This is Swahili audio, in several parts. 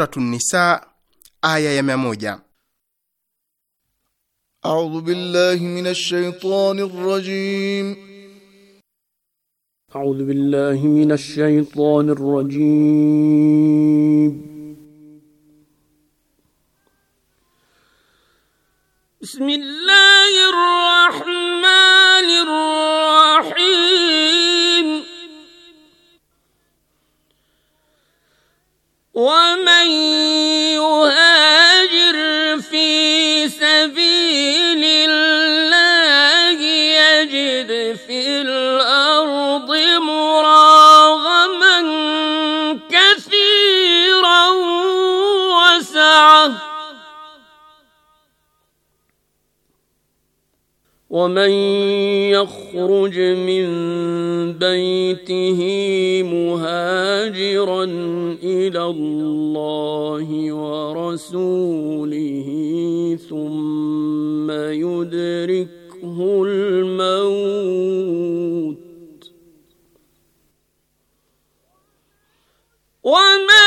Suratu Nisa aya ya mia moja. A'udhu billahi minash shaitani rajim. A'udhu billahi minash shaitani rajim. بسم الله الرحمن الرحيم ومن ومن يخرج من بيته مهاجرا الى الله ورسوله ثم يدركه الموت ومن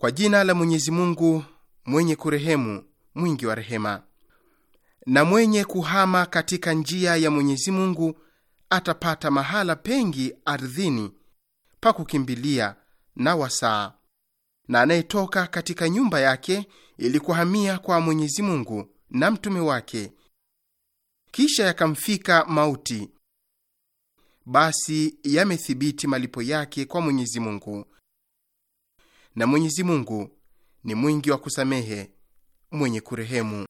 Kwa jina la Mwenyezi Mungu mwenye kurehemu mwingi wa rehema. Na mwenye kuhama katika njia ya Mwenyezi Mungu atapata mahala pengi ardhini pa kukimbilia na wasaa, na anayetoka katika nyumba yake ili kuhamia kwa Mwenyezi Mungu na mtume wake, kisha yakamfika mauti, basi yamethibiti malipo yake kwa Mwenyezi Mungu na Mwenyezi Mungu ni mwingi wa kusamehe, mwenye kurehemu.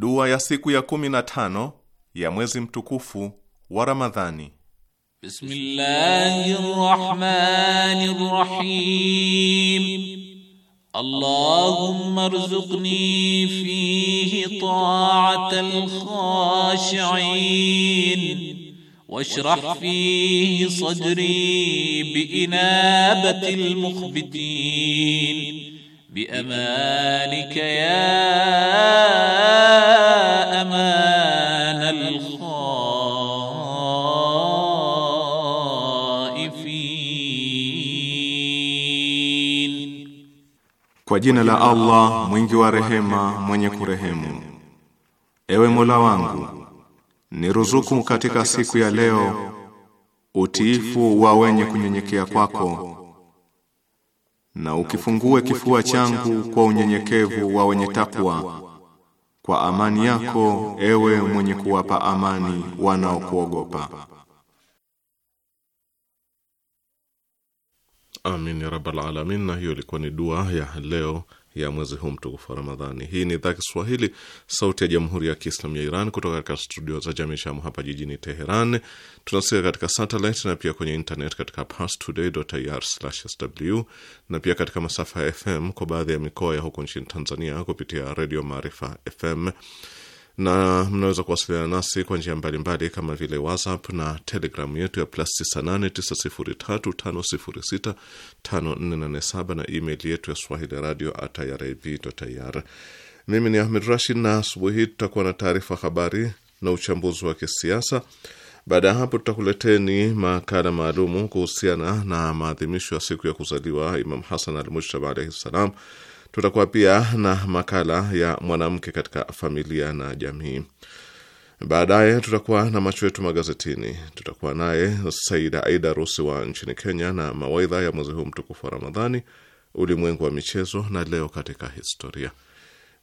Dua ya siku ya kumi na tano ya mwezi mtukufu wa Ramadhani. Bismillahirrahmanirrahim. Allahumma rzuqni fihi ta'atal khashi'in واشرح فيه صدري بإنابة المخبتين بأمانك يا أمان الخائفين Kwa jina la Allah mwingi wa rehema mwenye kurehemu Ewe Mola wangu niruzuku katika siku ya leo utiifu wa wenye kunyenyekea kwako na ukifungue kifua changu kwa unyenyekevu wa wenye takwa kwa amani yako ewe mwenye kuwapa amani wanaokuogopa. Amin ya rabbal alamin. Na hiyo ilikuwa ni dua ya leo ya mwezi huu mtukufu wa Ramadhani. Hii ni idhaa Kiswahili, sauti ya jamhuri ya kiislamu ya Iran, kutoka katika studio za Jamishamu hapa jijini Teheran. tunasika katika satelit na pia kwenye internet katika parstoday.ir/sw na pia katika masafa ya FM kwa baadhi ya mikoa ya huko nchini Tanzania kupitia Redio Maarifa FM na mnaweza kuwasiliana nasi kwa njia mbalimbali kama vile WhatsApp na Telegramu yetu ya plus 989035065487 na email yetu ya swahili radio at irib.ir. Mimi ni Ahmed Rashid, na asubuhi hii tutakuwa na taarifa habari na uchambuzi wa kisiasa. Baada ya hapo, tutakuleteni makala maalumu kuhusiana na maadhimisho ya siku ya kuzaliwa Imam Hasan al Mujtaba alaihi ssalam Tutakuwa pia na makala ya mwanamke katika familia na jamii. Baadaye tutakuwa na macho yetu magazetini. Tutakuwa naye Saida Aida Rusi wa nchini Kenya na mawaidha ya mwezi huu mtukufu wa Ramadhani, ulimwengu wa michezo na leo katika historia.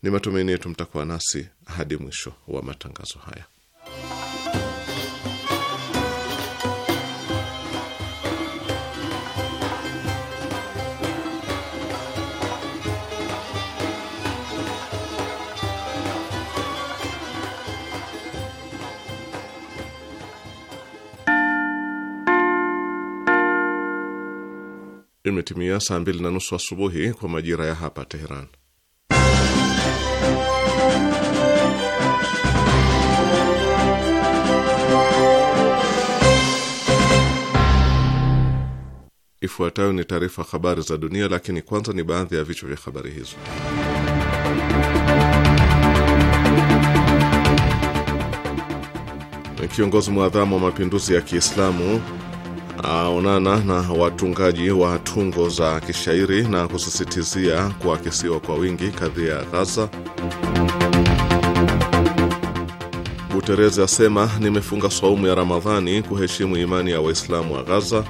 Ni matumaini yetu mtakuwa nasi hadi mwisho wa matangazo haya. Imetimia saa mbili na nusu asubuhi kwa majira ya hapa Teheran. Ifuatayo ni taarifa habari za dunia, lakini kwanza ni baadhi ya vichwa vya habari hizo. Kiongozi mwadhamu wa mapinduzi ya Kiislamu aonana ah, na watungaji wa tungo za kishairi na kusisitizia kuakisiwa kwa wingi kadhia ya Ghaza. Guterres asema nimefunga saumu ya Ramadhani kuheshimu imani ya Waislamu wa Ghaza.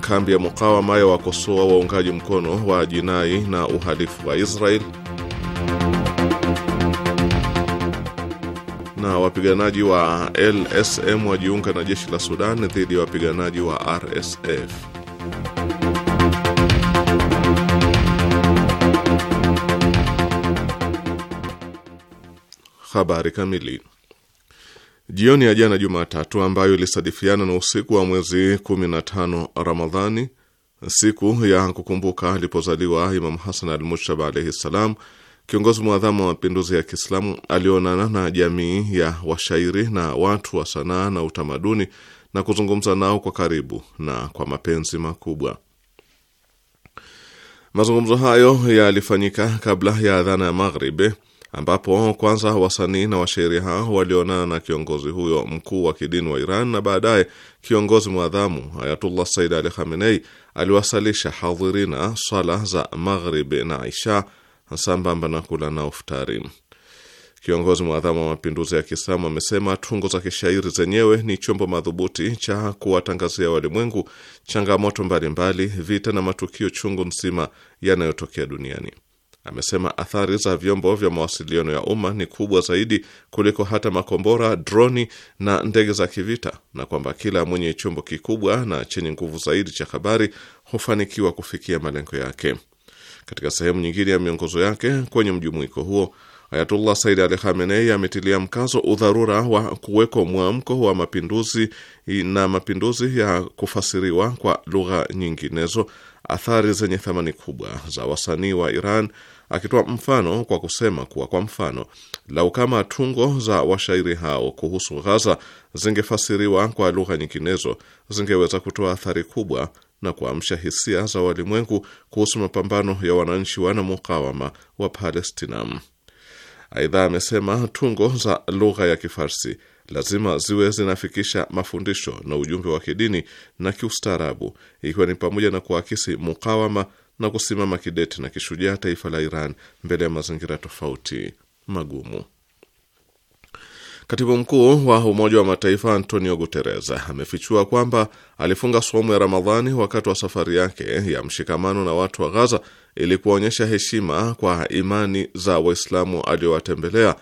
Kambi ya mukawama ya wakosoa waungaji mkono wa jinai na uhalifu wa Israel. na wapiganaji wa LSM wajiunga na jeshi la Sudan dhidi ya wapiganaji wa RSF. Habari kamili. Jioni ya jana Jumatatu, ambayo ilisadifiana na usiku wa mwezi 15 Ramadhani, siku ya kukumbuka alipozaliwa Imam Hasan al mushtaba alaihi ssalam Kiongozi mwadhamu wa mapinduzi ya Kiislamu alionana na jamii ya washairi na watu wa sanaa na utamaduni na kuzungumza nao kwa karibu na kwa mapenzi makubwa. Mazungumzo hayo yalifanyika kabla ya adhana ya maghribi, ambapo kwanza wasanii na washairi hao walionana na kiongozi huyo mkuu wa kidini wa Iran na baadaye kiongozi mwadhamu Ayatullah Said Ali Khamenei aliwasalisha hadhirina swala za maghribi na isha sambamba na kula nao futari. Kiongozi mwadhamu wa mapinduzi ya Kiislamu amesema tungo za kishairi zenyewe ni chombo madhubuti cha kuwatangazia walimwengu changamoto mbalimbali, vita na matukio chungu nzima yanayotokea duniani. Amesema athari za vyombo vya mawasiliano ya umma ni kubwa zaidi kuliko hata makombora, droni na ndege za kivita, na kwamba kila mwenye chombo kikubwa na chenye nguvu zaidi cha habari hufanikiwa kufikia malengo yake. Katika sehemu nyingine ya miongozo yake kwenye mjumuiko huo, Ayatullah Said Ali Khamenei ametilia mkazo udharura wa kuwekwa mwamko wa mapinduzi na mapinduzi ya kufasiriwa kwa lugha nyinginezo, athari zenye thamani kubwa za wasanii wa Iran, akitoa mfano kwa kusema kuwa, kwa mfano, lau kama tungo za washairi hao kuhusu Ghaza zingefasiriwa kwa lugha nyinginezo zingeweza kutoa athari kubwa na kuamsha hisia za walimwengu kuhusu mapambano ya wananchi wana mukawama wa Palestina. Aidha, amesema tungo za lugha ya Kifarsi lazima ziwe zinafikisha mafundisho na ujumbe wa kidini na kiustaarabu, ikiwa ni pamoja na kuakisi mukawama na kusimama kidete na kishujaa taifa la Iran mbele ya mazingira tofauti magumu. Katibu mkuu wa Umoja wa Mataifa Antonio Guterres amefichua kwamba alifunga somo ya Ramadhani wakati wa safari yake ya mshikamano na watu wa Ghaza ili kuonyesha heshima kwa imani za Waislamu aliyowatembelea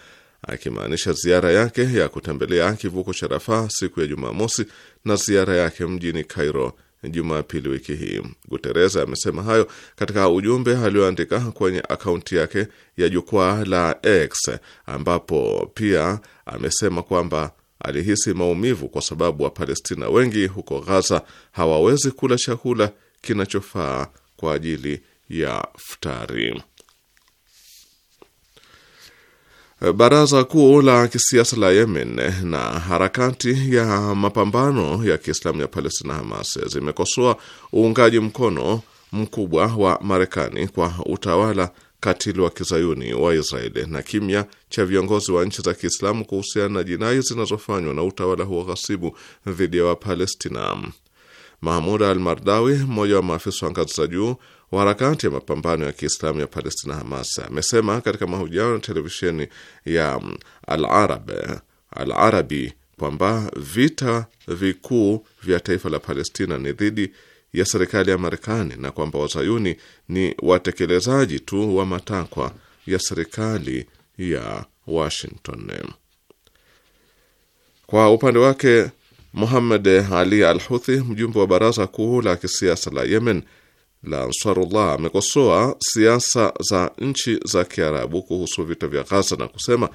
akimaanisha ziara yake ya kutembelea kivuko cha Rafaa siku ya Jumamosi na ziara yake mjini Cairo Jumapili wiki hii. Guterres amesema hayo katika ujumbe aliyoandika kwenye akaunti yake ya jukwaa la X ambapo pia amesema kwamba alihisi maumivu kwa sababu Wapalestina wengi huko Ghaza hawawezi kula chakula kinachofaa kwa ajili ya futari. Baraza kuu la kisiasa la Yemen na harakati ya mapambano ya Kiislamu ya Palestina, Hamas, zimekosoa uungaji mkono mkubwa wa Marekani kwa utawala katili wa kizayuni wa Israeli na kimya cha viongozi wa nchi za Kiislamu kuhusiana na jinai zinazofanywa na utawala huo ghasibu dhidi ya Wapalestina. Mahmud al Mardawi, mmoja wa maafisa wa ngazi za juu wa harakati ya mapambano ya Kiislamu ya Palestina, Hamas, amesema katika mahojiano na televisheni ya mm, Al Arab Al Arabi kwamba vita vikuu vya taifa la Palestina ni dhidi ya serikali ya Marekani na kwamba wazayuni ni watekelezaji tu wa matakwa ya serikali ya Washington. Kwa upande wake, Muhammad Ali Al Huthi, mjumbe wa baraza kuu la kisiasa la Yemen la Ansarullah, amekosoa siasa za nchi za Kiarabu kuhusu vita vya Ghaza na kusema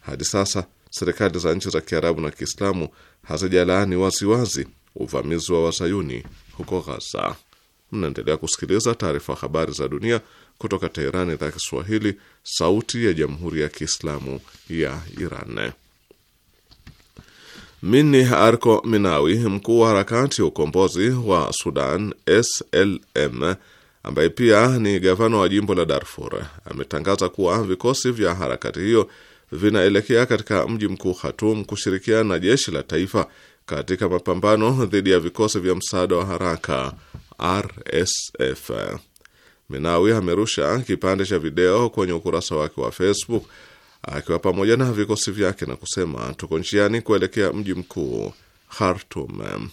hadi sasa serikali za nchi za Kiarabu na Kiislamu hazijalaani waziwazi uvamizi wa wazayuni huko Ghaza. Mnaendelea kusikiliza taarifa habari za dunia kutoka Teherani, idhaa ya Kiswahili, sauti ya jamhuri ya kiislamu ya Iran. Mini Arko Minawi, mkuu wa harakati ya ukombozi wa Sudan SLM, ambaye pia ni gavana wa jimbo la Darfur, ametangaza kuwa vikosi vya harakati hiyo vinaelekea katika mji mkuu Khartoum kushirikiana na jeshi la taifa katika mapambano dhidi ya vikosi vya msaada wa haraka RSF. Minawi amerusha kipande cha video kwenye ukurasa wake wa Facebook akiwa pamoja na vikosi vyake na kusema, tuko njiani kuelekea mji mkuu Khartoum.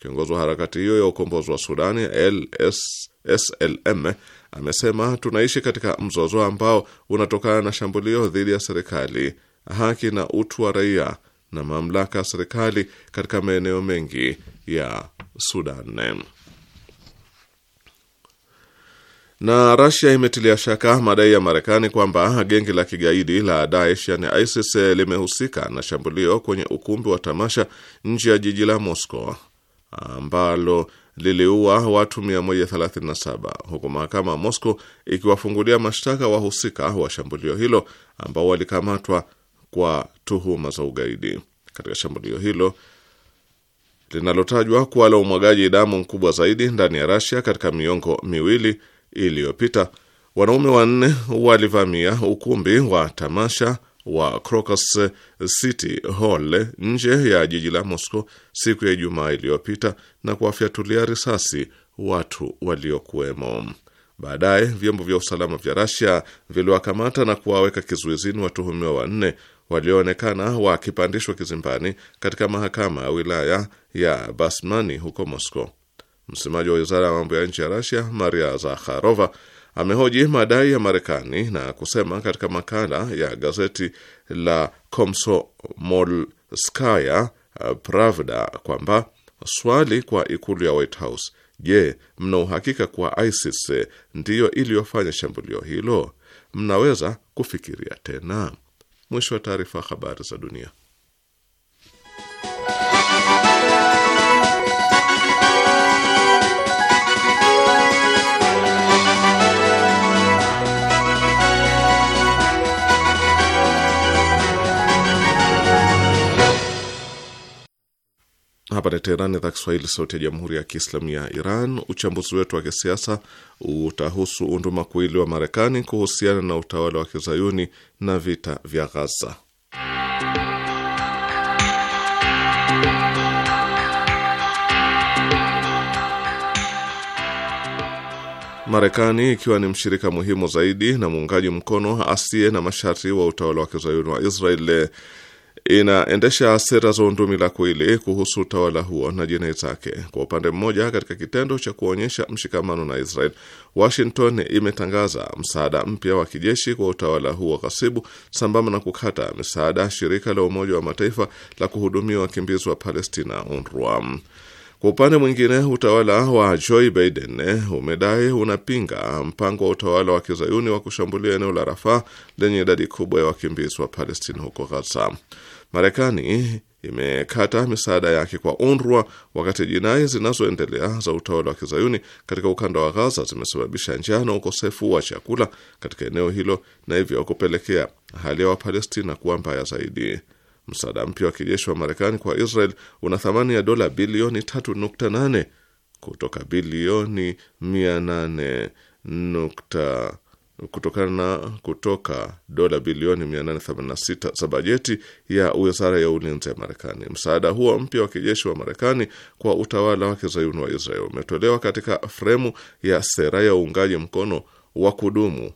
Kiongozi wa harakati hiyo ya ukombozi wa Sudani LS, SLM amesema tunaishi katika mzozo ambao unatokana na shambulio dhidi ya serikali, haki na utu wa raia na mamlaka ya serikali katika maeneo mengi ya Sudan. Na Russia imetilia shaka madai ya Marekani kwamba gengi la kigaidi la Daesh yani ISIS limehusika na shambulio kwenye ukumbi wa tamasha nje ya jiji la Moscow ambalo liliua watu 137 huku mahakama ya Moscow ikiwafungulia mashtaka wahusika wa shambulio hilo ambao walikamatwa kwa tuhuma za ugaidi. Katika shambulio hilo linalotajwa kuwa la umwagaji damu mkubwa zaidi ndani ya Rasia katika miongo miwili iliyopita, wanaume wanne walivamia ukumbi wa tamasha wa Crocus City Hall nje ya jiji la Moscow siku ya Ijumaa iliyopita na kuwafyatulia risasi watu waliokuwemo. Baadaye vyombo vya usalama vya Rasia viliwakamata na kuwaweka kizuizini watuhumiwa wanne walioonekana wakipandishwa kizimbani katika mahakama ya wilaya ya Basmani huko Moscow. Msemaji wa wizara ya mambo ya nje ya Rasia, Maria Zakharova, amehoji madai ya Marekani na kusema katika makala ya gazeti la Komsomolskaya eh, Pravda kwamba swali kwa ikulu ya White House, je, mna uhakika kuwa ISIS eh, ndiyo iliyofanya shambulio hilo? Mnaweza kufikiria tena? Mwisho wa taarifa. Habari za dunia. Hapa ni Teheran, idhaa Kiswahili, sauti ya jamhuri ya kiislamu ya Iran. Uchambuzi wetu wa kisiasa utahusu undumakuili wa Marekani kuhusiana na utawala wa kizayuni na vita vya Ghaza. Marekani ikiwa ni mshirika muhimu zaidi na muungaji mkono asiye na masharti wa utawala wa kizayuni wa Israeli inaendesha sera za undumila kuili kuhusu utawala huo na jinai zake. Kwa upande mmoja, katika kitendo cha kuonyesha mshikamano na Israel, Washington imetangaza msaada mpya wa kijeshi kwa utawala huo ghasibu, sambamba na kukata misaada shirika la Umoja wa Mataifa la kuhudumia wakimbizi wa Palestina, UNRWA. Kwa upande mwingine, utawala wa Joe Biden umedai unapinga mpango wa utawala wa kizayuni wa kushambulia eneo la Rafaa lenye idadi kubwa ya wakimbizi wa Palestina huko Gaza. Marekani imekata misaada yake kwa UNRWA wakati jinai zinazoendelea za utawala wa kizayuni katika ukanda wa Gaza zimesababisha njaa na ukosefu wa chakula katika eneo hilo na hivyo kupelekea hali ya Wapalestina kuwa mbaya zaidi. Msaada mpya wa kijeshi wa Marekani kwa Israel una thamani ya dola bilioni 3.8 kutoka bilioni 800 nukta kutokana na kutoka dola bilioni 886 za bajeti ya wizara ya ulinzi ya Marekani. Msaada huo mpya wa kijeshi wa Marekani kwa utawala wa kizayuni wa Israel umetolewa katika fremu ya sera ya uungaji mkono wa kudumu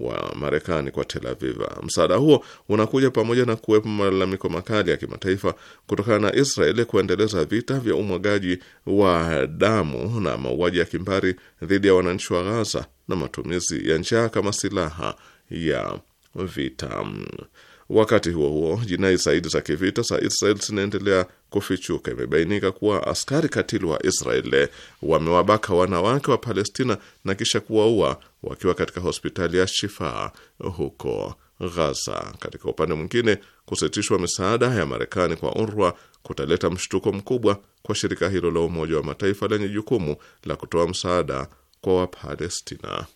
wa Marekani kwa Tel Aviv. Msaada huo unakuja pamoja na kuwepo malalamiko makali ya kimataifa kutokana na Israeli kuendeleza vita vya umwagaji wa damu na mauaji ya kimbari dhidi ya wananchi wa Gaza na matumizi ya njaa kama silaha ya vita. Wakati huo huo, jinai zaidi za kivita za Israel zinaendelea kufichuka. Imebainika kuwa askari katili wa Israel wamewabaka wanawake wa Palestina na kisha kuwaua wakiwa katika hospitali ya Shifa huko Ghaza. Katika upande mwingine, kusitishwa misaada ya Marekani kwa UNRWA kutaleta mshtuko mkubwa kwa shirika hilo la Umoja wa Mataifa lenye jukumu la kutoa msaada kwa Wapalestina.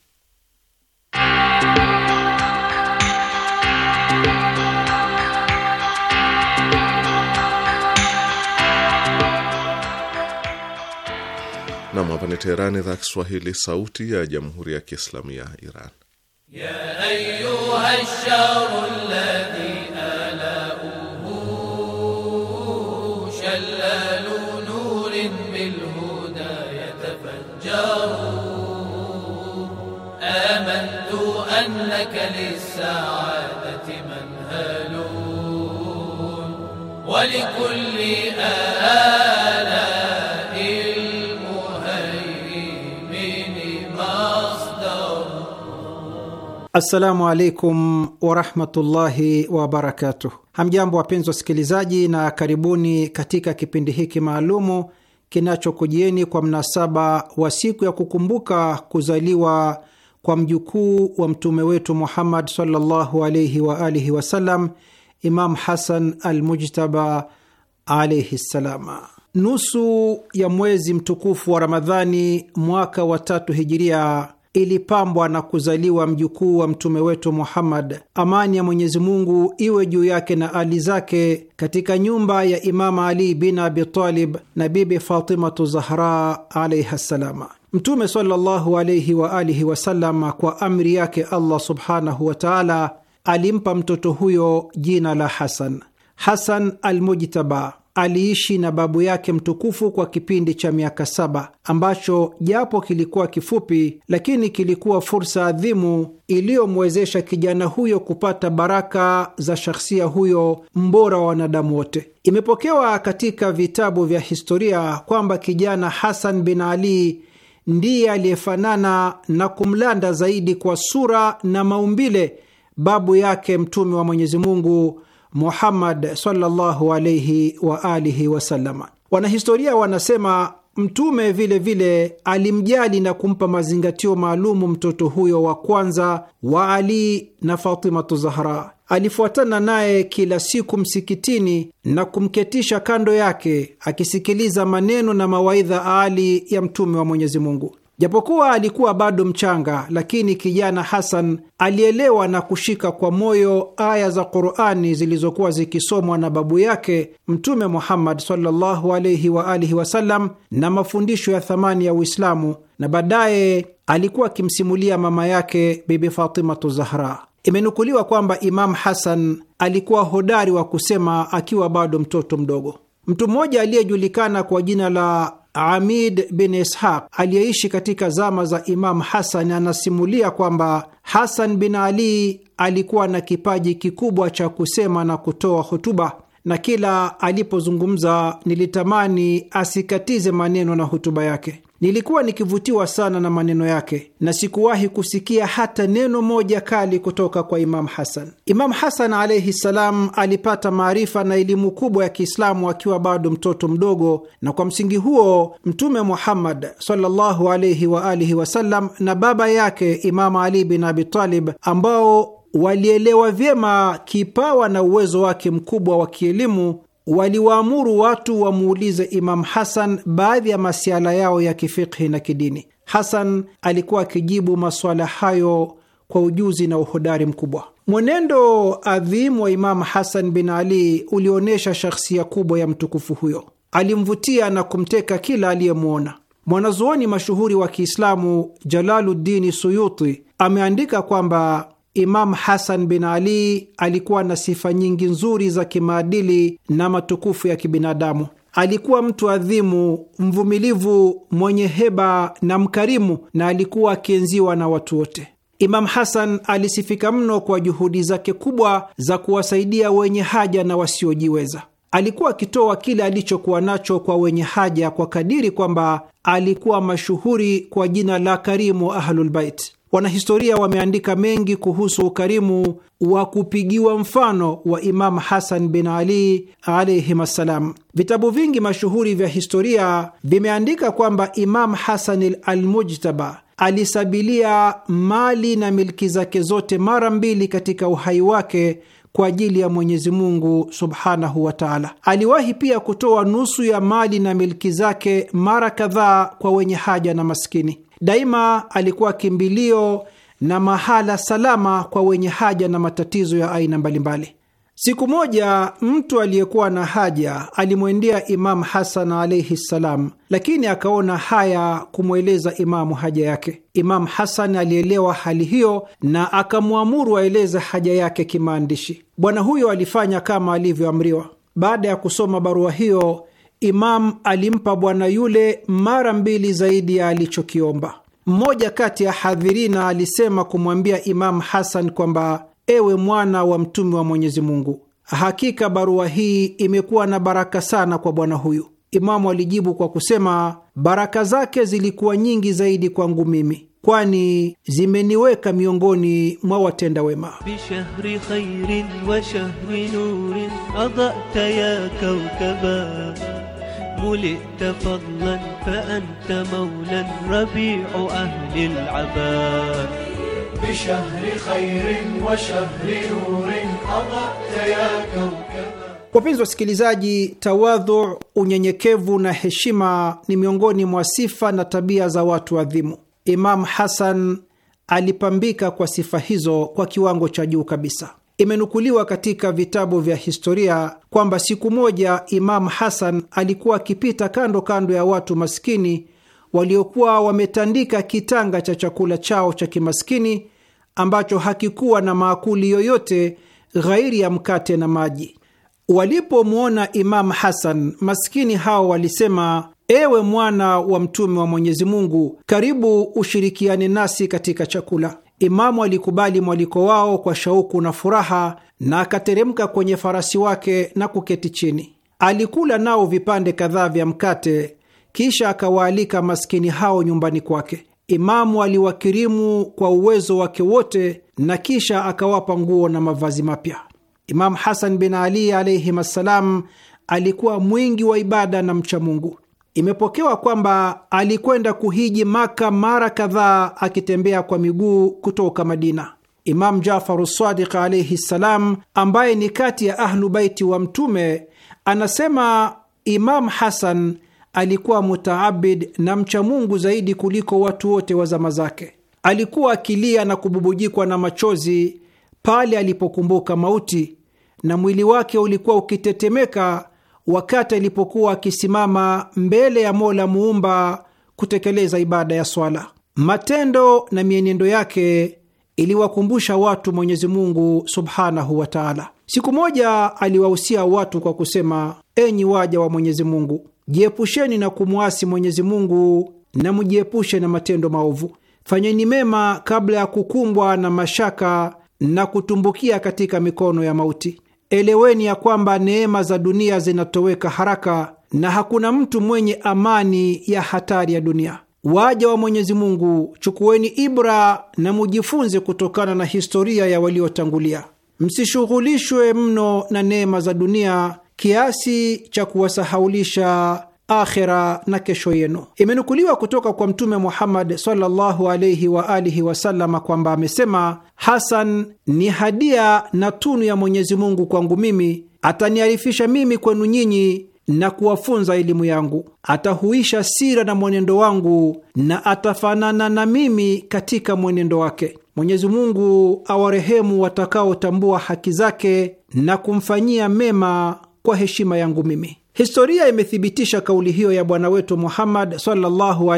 Nam, hapa ni Teherani, idhaa Kiswahili, sauti ya jamhuri ya kiislamu ya Iran. Ya ayyuha ash-shahru alladhi alauhu shallalu nurin bil huda yatafajjaru amantu annaka lis-sa'adati manhalun wa likulli Assalamu alaikum warahmatullahi wabarakatuh. Hamjambo wapenzi wasikilizaji, na karibuni katika kipindi hiki maalumu kinachokujieni kwa mnasaba wa siku ya kukumbuka kuzaliwa kwa mjukuu wa mtume wetu Muhammad sallallahu alaihi wa alihi wasallam, Imam Hasan Almujtaba alaihi ssalama. Nusu ya mwezi mtukufu wa Ramadhani mwaka wa tatu hijiria ilipambwa na kuzaliwa mjukuu wa mtume wetu Muhammad, amani ya Mwenyezi Mungu iwe juu yake na ali zake, katika nyumba ya Imama Ali bin Abitalib na Bibi Fatimatu Zahra alaihi ssalama. Mtume sallallahu alaihi wa alihi wasallam, kwa amri yake Allah subhanahu wataala, alimpa mtoto huyo jina la Hasan, Hasan Almujtaba aliishi na babu yake mtukufu kwa kipindi cha miaka saba ambacho japo kilikuwa kifupi, lakini kilikuwa fursa adhimu iliyomwezesha kijana huyo kupata baraka za shakhsia huyo mbora wa wanadamu wote. Imepokewa katika vitabu vya historia kwamba kijana Hasan bin Ali ndiye aliyefanana na kumlanda zaidi kwa sura na maumbile babu yake Mtume wa Mwenyezi Mungu Muhammad sallallahu alaihi wa alihi wasalama. Wanahistoria wanasema Mtume vilevile vile alimjali na kumpa mazingatio maalumu mtoto huyo wa kwanza wa Ali na Fatimatu Zahra. Alifuatana naye kila siku msikitini na kumketisha kando yake akisikiliza maneno na mawaidha Ali ya Mtume wa Mwenyezi Mungu. Japokuwa alikuwa bado mchanga, lakini kijana Hasan alielewa na kushika kwa moyo aya za Qurani zilizokuwa zikisomwa na babu yake Mtume Muhammad sallallahu alaihi wa alihi wasallam na mafundisho ya thamani ya Uislamu, na baadaye alikuwa akimsimulia mama yake Bibi Fatimatu Zahra. Imenukuliwa kwamba imamu Hasan alikuwa hodari wa kusema akiwa bado mtoto mdogo. Mtu mmoja aliyejulikana kwa jina la Amid bin Ishaq aliyeishi katika zama za Imam Hasan anasimulia kwamba Hasan bin Ali alikuwa na kipaji kikubwa cha kusema na kutoa hotuba, na kila alipozungumza nilitamani asikatize maneno na hotuba yake. Nilikuwa nikivutiwa sana na maneno yake na sikuwahi kusikia hata neno moja kali kutoka kwa Imamu Hasan. Imamu Hasan alaihi salam alipata maarifa na elimu kubwa ya Kiislamu akiwa bado mtoto mdogo, na kwa msingi huo Mtume Muhammad sallallahu alaihi wasallam na baba yake Imamu Ali bin Abitalib ambao walielewa vyema kipawa na uwezo wake mkubwa wa kielimu waliwaamuru watu wamuulize Imamu Hasan baadhi ya masiala yao ya kifikhi na kidini. Hasan alikuwa akijibu masuala hayo kwa ujuzi na uhodari mkubwa. Mwenendo adhimu wa Imamu Hasan bin Ali ulionyesha shakhsia kubwa ya mtukufu huyo, alimvutia na kumteka kila aliyemwona. Mwanazuoni mashuhuri wa Kiislamu Jalaludini Suyuti ameandika kwamba Imam Hasan bin Ali alikuwa na sifa nyingi nzuri za kimaadili na matukufu ya kibinadamu. Alikuwa mtu adhimu, mvumilivu, mwenye heba na mkarimu, na alikuwa akienziwa na watu wote. Imam Hasan alisifika mno kwa juhudi zake kubwa za kuwasaidia wenye haja na wasiojiweza. Alikuwa akitoa kile alichokuwa nacho kwa wenye haja kwa kadiri kwamba alikuwa mashuhuri kwa jina la Karimu Ahlulbait. Wanahistoria wameandika mengi kuhusu ukarimu wa kupigiwa mfano wa Imamu Hasan bin Ali alaihim assalam. Vitabu vingi mashuhuri vya historia vimeandika kwamba Imamu Hasan Almujtaba alisabilia mali na milki zake zote mara mbili katika uhai wake kwa ajili ya Mwenyezi Mungu subhanahu wa taala. Aliwahi pia kutoa nusu ya mali na milki zake mara kadhaa kwa wenye haja na maskini. Daima alikuwa kimbilio na mahala salama kwa wenye haja na matatizo ya aina mbalimbali. Siku moja mtu aliyekuwa na haja alimwendea Imamu Hasan alaihi ssalam, lakini akaona haya kumweleza Imamu haja yake. Imamu Hasan alielewa hali hiyo na akamwamuru aeleze haja yake kimaandishi. Bwana huyo alifanya kama alivyoamriwa. Baada ya kusoma barua hiyo Imam alimpa bwana yule mara mbili zaidi ya alichokiomba. Mmoja kati ya hadhirina alisema kumwambia Imam Hasan kwamba ewe mwana wa mtume wa Mwenyezi Mungu, hakika barua hii imekuwa na baraka sana kwa bwana huyu. Imamu alijibu kwa kusema, baraka zake zilikuwa nyingi zaidi kwangu mimi kwani zimeniweka miongoni mwa watenda wema. ملئت فضلا فأنت مولا ربيع أهل العباد بشهر خير وشهر نور أضعت يا كوكب Wapenzi wasikilizaji, tawadhu, unyenyekevu na heshima ni miongoni mwa sifa na tabia za watu adhimu. Imam Hasan alipambika kwa sifa hizo kwa kiwango cha juu kabisa. Imenukuliwa katika vitabu vya historia kwamba siku moja Imamu Hasan alikuwa akipita kando kando ya watu maskini waliokuwa wametandika kitanga cha chakula chao cha kimaskini ambacho hakikuwa na maakuli yoyote ghairi ya mkate na maji. Walipomwona Imamu Hasan, maskini hao walisema, ewe mwana wa mtume wa Mwenyezi Mungu, karibu ushirikiane nasi katika chakula. Imamu alikubali mwaliko wao kwa shauku na furaha, na akateremka kwenye farasi wake na kuketi chini. Alikula nao vipande kadhaa vya mkate, kisha akawaalika maskini hao nyumbani kwake. Imamu aliwakirimu kwa uwezo wake wote na kisha akawapa nguo na mavazi mapya. Imamu Hasan bin Ali alayhim assalam alikuwa mwingi wa ibada na mcha Mungu. Imepokewa kwamba alikwenda kuhiji Maka mara kadhaa akitembea kwa miguu kutoka Madina. Imamu Jafaru Sadiq alaihi ssalam, ambaye ni kati ya Ahlu Baiti wa Mtume, anasema Imamu Hasan alikuwa mutaabid na mcha Mungu zaidi kuliko watu wote wa zama zake. Alikuwa akilia na kububujikwa na machozi pale alipokumbuka mauti, na mwili wake ulikuwa ukitetemeka wakati alipokuwa akisimama mbele ya Mola muumba kutekeleza ibada ya swala. Matendo na mienendo yake iliwakumbusha watu Mwenyezi Mungu subhanahu wa taala. Siku moja aliwahusia watu kwa kusema, enyi waja wa Mwenyezi Mungu, jiepusheni na kumwasi Mwenyezi Mungu na mjiepushe na matendo maovu. Fanyeni mema kabla ya kukumbwa na mashaka na kutumbukia katika mikono ya mauti. Eleweni ya kwamba neema za dunia zinatoweka haraka na hakuna mtu mwenye amani ya hatari ya dunia. Waja wa Mwenyezi Mungu, chukueni ibra na mujifunze kutokana na historia ya waliotangulia. Msishughulishwe mno na neema za dunia kiasi cha kuwasahaulisha akhira na kesho yenu. Imenukuliwa kutoka kwa Mtume Muhammad sallallahu alaihi wa alihi wasallama kwamba amesema, Hasan ni hadia na tunu ya Mwenyezi Mungu kwangu mimi, ataniarifisha mimi kwenu nyinyi na kuwafunza elimu yangu, atahuisha sira na mwenendo wangu, na atafanana na mimi katika mwenendo wake. Mwenyezi Mungu awarehemu watakaotambua haki zake na kumfanyia mema kwa heshima yangu mimi. Historia imethibitisha kauli hiyo ya bwana wetu Muhammad sallallahu wa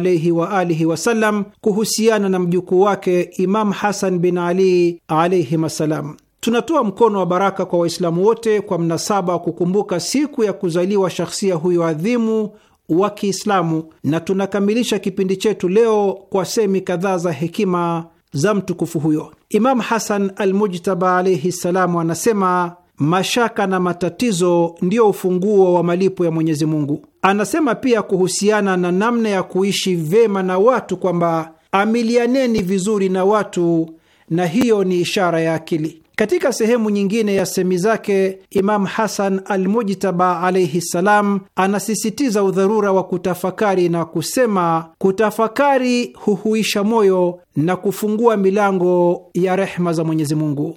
alihi wasallam kuhusiana na mjukuu wake Imam Hasan bin Ali alayhim assalam. Tunatoa mkono wa baraka kwa Waislamu wote kwa mnasaba wa kukumbuka siku ya kuzaliwa shahsia huyo adhimu wa Kiislamu, na tunakamilisha kipindi chetu leo kwa semi kadhaa za hekima za mtukufu huyo Imam Hasan Almujtaba alaihi ssalamu, anasema mashaka na matatizo ndiyo ufunguo wa malipo ya Mwenyezi Mungu. Anasema pia kuhusiana na namna ya kuishi vyema na watu kwamba amilianeni vizuri na watu, na hiyo ni ishara ya akili. Katika sehemu nyingine ya semi zake Imam Hasan Almujtaba alaihi ssalam anasisitiza udharura wa kutafakari na kusema, kutafakari huhuisha moyo na kufungua milango ya rehma za Mwenyezi Mungu.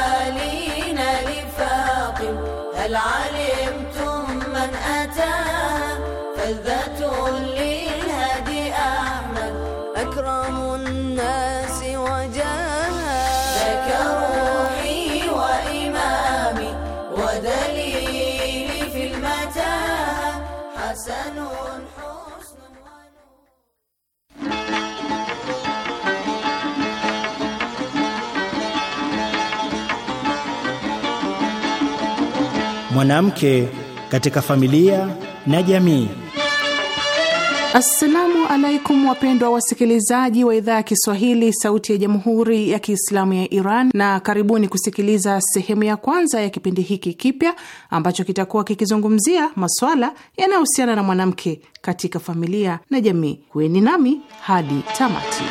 mwanamke katika familia na jamii. Assalamu alaikum wapendwa wasikilizaji wa idhaa ya Kiswahili sauti ya jamhuri ya Kiislamu ya Iran, na karibuni kusikiliza sehemu ya kwanza ya kipindi hiki kipya ambacho kitakuwa kikizungumzia maswala yanayohusiana na mwanamke katika familia na jamii. Kuweni nami hadi tamati.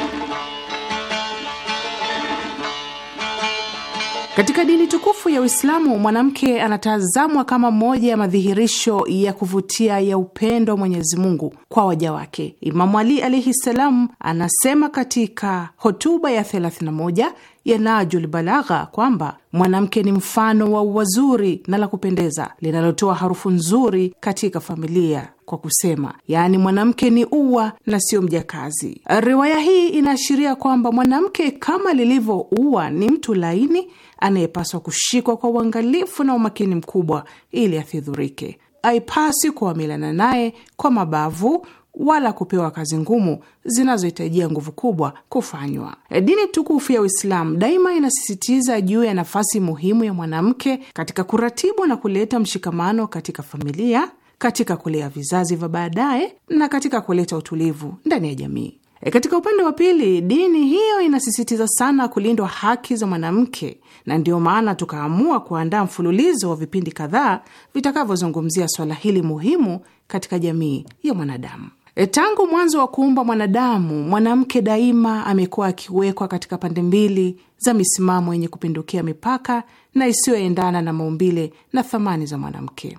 Katika dini tukufu ya Uislamu, mwanamke anatazamwa kama moja ya madhihirisho ya kuvutia ya upendo wa Mwenyezi Mungu kwa waja wake. Imamu Ali alaihi ssalam anasema katika hotuba ya 31 ya Najul Balagha kwamba mwanamke ni mfano wa ua zuri na la kupendeza linalotoa harufu nzuri katika familia kwa kusema, yaani mwanamke ni ua na sio mjakazi. Riwaya hii inaashiria kwamba mwanamke kama lilivyo ua ni mtu laini anayepaswa kushikwa kwa uangalifu na umakini mkubwa ili asidhurike. Aipasi kuamilana naye kwa mabavu wala kupewa kazi ngumu zinazohitajia nguvu kubwa kufanywa. Dini tukufu ya Uislamu daima inasisitiza juu ya nafasi muhimu ya mwanamke katika kuratibu na kuleta mshikamano katika familia, katika kulea vizazi vya baadaye na katika kuleta utulivu ndani ya jamii. E, katika upande wa pili, dini hiyo inasisitiza sana kulindwa haki za mwanamke, na ndiyo maana tukaamua kuandaa mfululizo wa vipindi kadhaa vitakavyozungumzia swala hili muhimu katika jamii ya mwanadamu. E, tangu mwanzo wa kuumba mwanadamu, mwanamke daima amekuwa akiwekwa katika pande mbili za misimamo yenye kupindukia mipaka na isiyoendana na maumbile na thamani za mwanamke.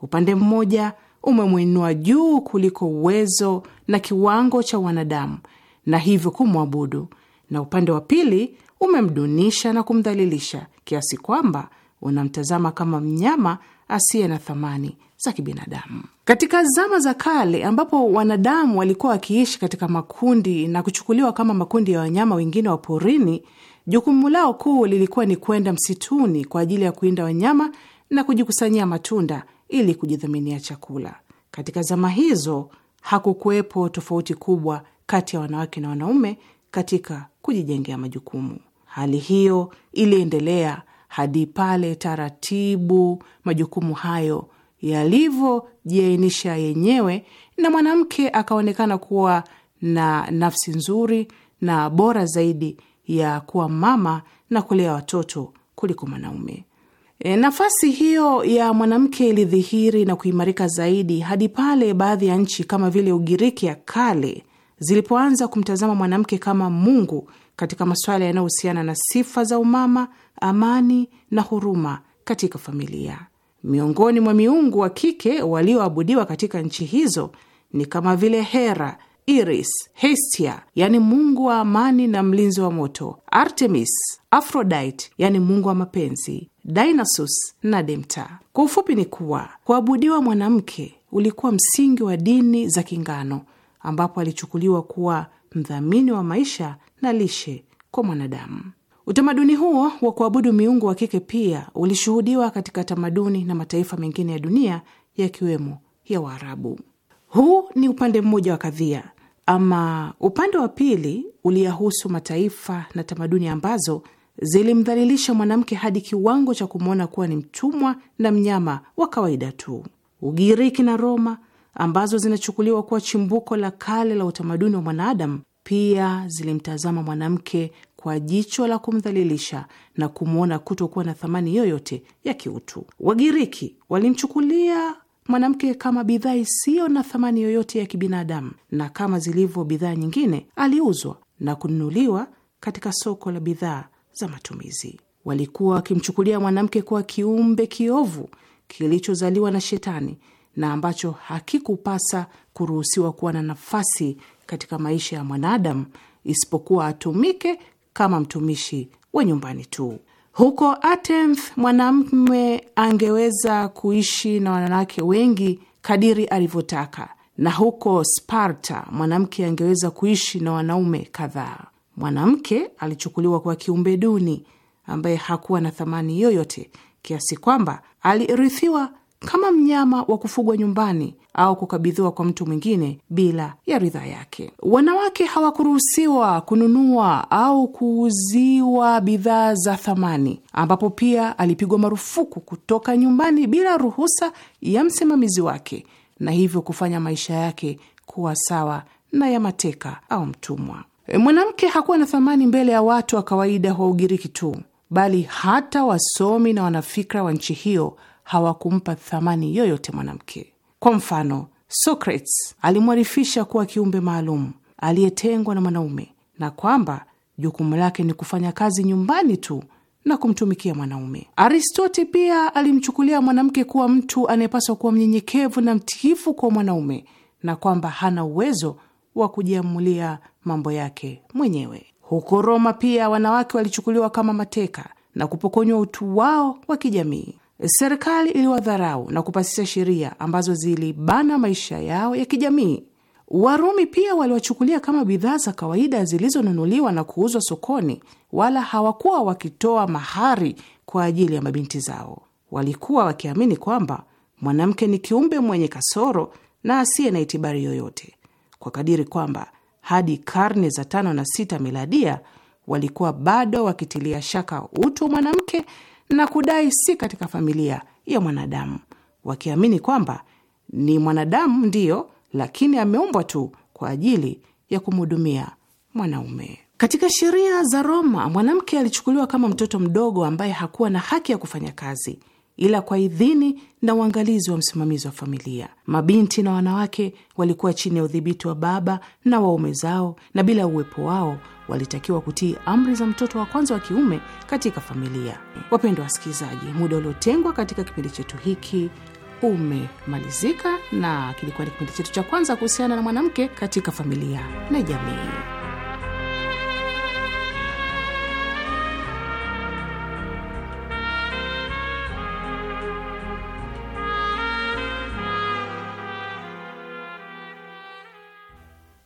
Upande mmoja umemwinua juu kuliko uwezo na kiwango cha wanadamu na hivyo kumwabudu, na upande wa pili umemdunisha na kumdhalilisha kiasi kwamba unamtazama kama mnyama asiye na thamani za kibinadamu. Katika zama za kale ambapo wanadamu walikuwa wakiishi katika makundi na kuchukuliwa kama makundi ya wanyama wengine wa porini, jukumu lao kuu lilikuwa ni kwenda msituni kwa ajili ya kuinda wanyama na kujikusanyia matunda ili kujidhaminia chakula. Katika zama hizo hakukuwepo tofauti kubwa kati ya wanawake na wanaume katika kujijengea majukumu. Hali hiyo iliendelea hadi pale taratibu majukumu hayo yalivyojiainisha yenyewe na mwanamke akaonekana kuwa na nafsi nzuri na bora zaidi ya kuwa mama na kulea watoto kuliko mwanaume. E, nafasi hiyo ya mwanamke ilidhihiri na kuimarika zaidi hadi pale baadhi ya nchi kama vile Ugiriki ya kale zilipoanza kumtazama mwanamke kama mungu katika masuala yanayohusiana na sifa za umama, amani na huruma katika familia. Miongoni mwa miungu wa kike walioabudiwa katika nchi hizo ni kama vile Hera, Iris, Hestia yani mungu wa amani na mlinzi wa moto, Artemis, Aphrodite yani mungu wa mapenzi, Dionysus na Demta. Kwa ufupi ni kuwa kuabudiwa mwanamke ulikuwa msingi wa dini za Kingano, ambapo alichukuliwa kuwa mdhamini wa maisha na lishe kwa mwanadamu. Utamaduni huo wa kuabudu miungu wa kike pia ulishuhudiwa katika tamaduni na mataifa mengine ya dunia yakiwemo ya Waarabu. Huu ni upande mmoja wa kadhia ama upande wa pili uliyahusu mataifa na tamaduni ambazo zilimdhalilisha mwanamke hadi kiwango cha kumwona kuwa ni mtumwa na mnyama wa kawaida tu. Ugiriki na Roma ambazo zinachukuliwa kuwa chimbuko la kale la utamaduni wa mwanadamu pia zilimtazama mwanamke kwa jicho la kumdhalilisha na kumwona kutokuwa na thamani yoyote ya kiutu. Wagiriki walimchukulia mwanamke kama bidhaa isiyo na thamani yoyote ya kibinadamu, na kama zilivyo bidhaa nyingine, aliuzwa na kununuliwa katika soko la bidhaa za matumizi. Walikuwa wakimchukulia mwanamke kuwa kiumbe kiovu kilichozaliwa na Shetani na ambacho hakikupasa kuruhusiwa kuwa na nafasi katika maisha ya mwanadamu, isipokuwa atumike kama mtumishi wa nyumbani tu. Huko Athens mwanamume angeweza kuishi na wanawake wengi kadiri alivyotaka, na huko Sparta mwanamke angeweza kuishi na wanaume kadhaa. Mwanamke alichukuliwa kwa kiumbe duni ambaye hakuwa na thamani yoyote, kiasi kwamba alirithiwa kama mnyama wa kufugwa nyumbani au kukabidhiwa kwa mtu mwingine bila ya ridhaa yake. Wanawake hawakuruhusiwa kununua au kuuziwa bidhaa za thamani, ambapo pia alipigwa marufuku kutoka nyumbani bila ruhusa ya msimamizi wake, na hivyo kufanya maisha yake kuwa sawa na ya mateka au mtumwa. Mwanamke hakuwa na thamani mbele ya watu wa kawaida wa Ugiriki tu, bali hata wasomi na wanafikra wa nchi hiyo hawakumpa thamani yoyote mwanamke. Kwa mfano, Socrates alimwarifisha kuwa kiumbe maalum aliyetengwa na mwanaume na kwamba jukumu lake ni kufanya kazi nyumbani tu na kumtumikia mwanaume. aristote pia alimchukulia mwanamke kuwa mtu anayepaswa kuwa mnyenyekevu na mtiifu kwa mwanaume na kwamba hana uwezo wa kujiamulia mambo yake mwenyewe. Huko Roma pia wanawake walichukuliwa kama mateka na kupokonywa utu wao wa kijamii serikali iliwadharau na kupasisha sheria ambazo zilibana maisha yao ya kijamii. Warumi pia waliwachukulia kama bidhaa za kawaida zilizonunuliwa na kuuzwa sokoni, wala hawakuwa wakitoa mahari kwa ajili ya mabinti zao. Walikuwa wakiamini kwamba mwanamke ni kiumbe mwenye kasoro na asiye na itibari yoyote, kwa kadiri kwamba hadi karne za tano na sita miladia walikuwa bado wakitilia shaka utu wa mwanamke na kudai si katika familia ya mwanadamu, wakiamini kwamba ni mwanadamu ndiyo, lakini ameumbwa tu kwa ajili ya kumhudumia mwanaume. Katika sheria za Roma, mwanamke alichukuliwa kama mtoto mdogo ambaye hakuwa na haki ya kufanya kazi ila kwa idhini na uangalizi wa msimamizi wa familia. Mabinti na wanawake walikuwa chini ya udhibiti wa baba na waume zao, na bila uwepo wao walitakiwa kutii amri za mtoto wa kwanza wa kiume katika familia. Wapendwa wasikilizaji, muda uliotengwa katika kipindi chetu hiki umemalizika, na kilikuwa ni kipindi chetu cha kwanza kuhusiana na mwanamke katika familia na jamii.